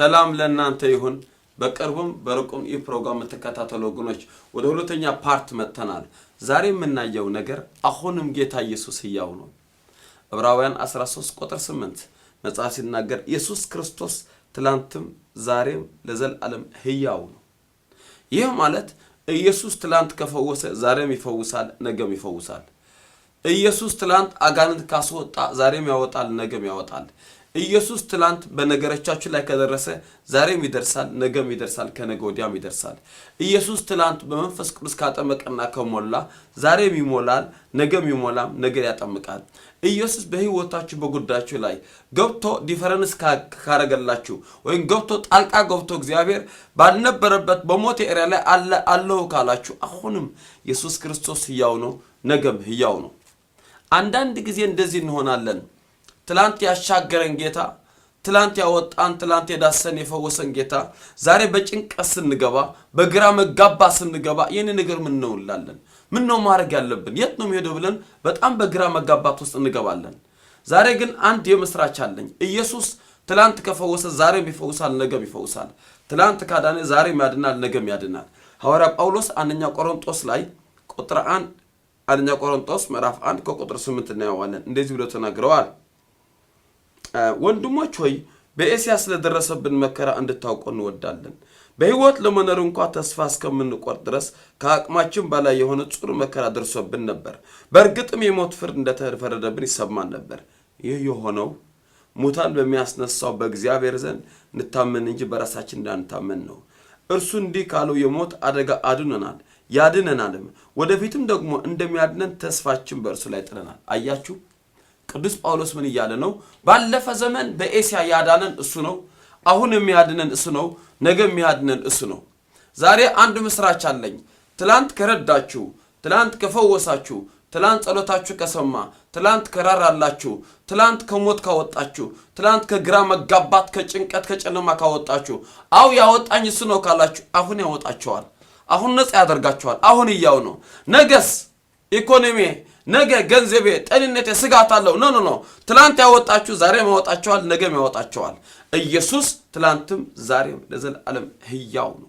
ሰላም ለእናንተ ይሁን። በቅርቡም በርቁም ይህ ፕሮግራም የምትከታተሉ ወገኖች ወደ ሁለተኛ ፓርት መጥተናል። ዛሬ የምናየው ነገር አሁንም ጌታ ኢየሱስ ሕያው ነው። ዕብራውያን 13 ቁጥር 8 መጽሐፍ ሲናገር ኢየሱስ ክርስቶስ ትላንትም ዛሬም ለዘላለም ሕያው ነው። ይህ ማለት ኢየሱስ ትላንት ከፈወሰ ዛሬም ይፈውሳል፣ ነገም ይፈውሳል። ኢየሱስ ትላንት አጋንንት ካስወጣ ዛሬም ያወጣል፣ ነገም ያወጣል። ኢየሱስ ትላንት በነገሮቻችን ላይ ከደረሰ ዛሬም ይደርሳል፣ ነገም ይደርሳል፣ ከነገ ወዲያም ይደርሳል። ኢየሱስ ትላንት በመንፈስ ቅዱስ ካጠመቀና ከሞላ ዛሬም ይሞላል፣ ነገም ይሞላም፣ ነገር ያጠምቃል። ኢየሱስ በሕይወታችሁ በጉዳያችሁ ላይ ገብቶ ዲፈረንስ ካረገላችሁ ወይም ገብቶ ጣልቃ ገብቶ እግዚአብሔር ባልነበረበት በሞት ኤሪያ ላይ አለሁ ካላችሁ አሁንም ኢየሱስ ክርስቶስ ሕያው ነው፣ ነገም ሕያው ነው። አንዳንድ ጊዜ እንደዚህ እንሆናለን። ትላንት ያሻገረን ጌታ፣ ትላንት ያወጣን፣ ትላንት የዳሰን የፈወሰን ጌታ ዛሬ በጭንቀት ስንገባ፣ በግራ መጋባ ስንገባ ይህን ነገር ምን ነው እንላለን። ምን ነው ማድረግ ያለብን? የት ነው ሄደው ብለን በጣም በግራ መጋባት ውስጥ እንገባለን። ዛሬ ግን አንድ የምስራች አለኝ። ኢየሱስ ትላንት ከፈወሰ ዛሬም ይፈውሳል፣ ነገም ይፈውሳል። ትላንት ካዳነ ዛሬም ያድናል፣ ነገም ያድናል። ሐዋርያ ጳውሎስ አንደኛ ቆሮንጦስ ላይ ቁጥር አንድ አንደኛ ቆሮንቶስ ምዕራፍ 1 ከቁጥር 8 እናየዋለን። እንደዚህ ብሎ ተናግረዋል፣ ወንድሞች ሆይ በኤስያ ስለደረሰብን መከራ እንድታውቁ እንወዳለን። በሕይወት ለመኖር እንኳ ተስፋ እስከምንቆርጥ ድረስ ከአቅማችን በላይ የሆነ ጽኑ መከራ ደርሶብን ነበር። በእርግጥም የሞት ፍርድ እንደተፈረደብን ይሰማን ነበር። ይህ የሆነው ሙታን በሚያስነሳው በእግዚአብሔር ዘንድ እንታመን እንጂ በራሳችን እንዳንታመን ነው። እርሱ እንዲህ ካለው የሞት አደጋ አድነናል ያድነናልም ወደፊትም ደግሞ እንደሚያድነን ተስፋችን በእርሱ ላይ ጥለናል። አያችሁ ቅዱስ ጳውሎስ ምን እያለ ነው? ባለፈ ዘመን በኤስያ ያዳነን እሱ ነው። አሁን የሚያድነን እሱ ነው። ነገ የሚያድነን እሱ ነው። ዛሬ አንድ ምስራች አለኝ። ትላንት ከረዳችሁ ትላንት ከፈወሳችሁ፣ ትላንት ጸሎታችሁ ከሰማ፣ ትላንት ከራራላችሁ፣ ትላንት ከሞት ካወጣችሁ፣ ትላንት ከግራ መጋባት፣ ከጭንቀት፣ ከጨለማ ካወጣችሁ፣ አው ያወጣኝ እሱ ነው ካላችሁ፣ አሁን ያወጣችኋል። አሁን ነፃ ያደርጋችኋል። አሁን እያው ነው። ነገስ ኢኮኖሚ ነገ ገንዘቤ፣ ጤንነቴ ስጋት አለው። ኖ ኖ ኖ። ትላንት ያወጣችሁ ዛሬ ያወጣችኋል፣ ነገም ያወጣችኋል። ኢየሱስ ትላንትም ዛሬም ለዘላለም ሕያው ነው።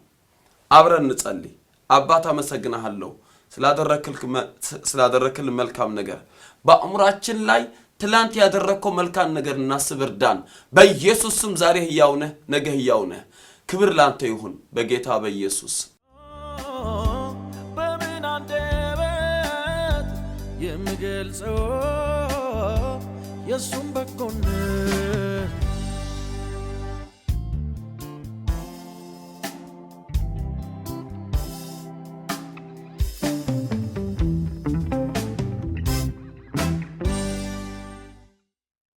አብረን እንጸልይ። አባት አመሰግናሃለሁ። ስላደረክልን መልካም ነገር በአእምሯችን ላይ ትላንት ያደረግከው መልካም ነገር እናስብ፣ እርዳን። በኢየሱስ ስም ዛሬ ሕያው ነህ፣ ነገ ሕያው ነህ። ክብር ላንተ ይሁን በጌታ በኢየሱስ በምን አንደበት የምገልጸው የእሱም በጎነት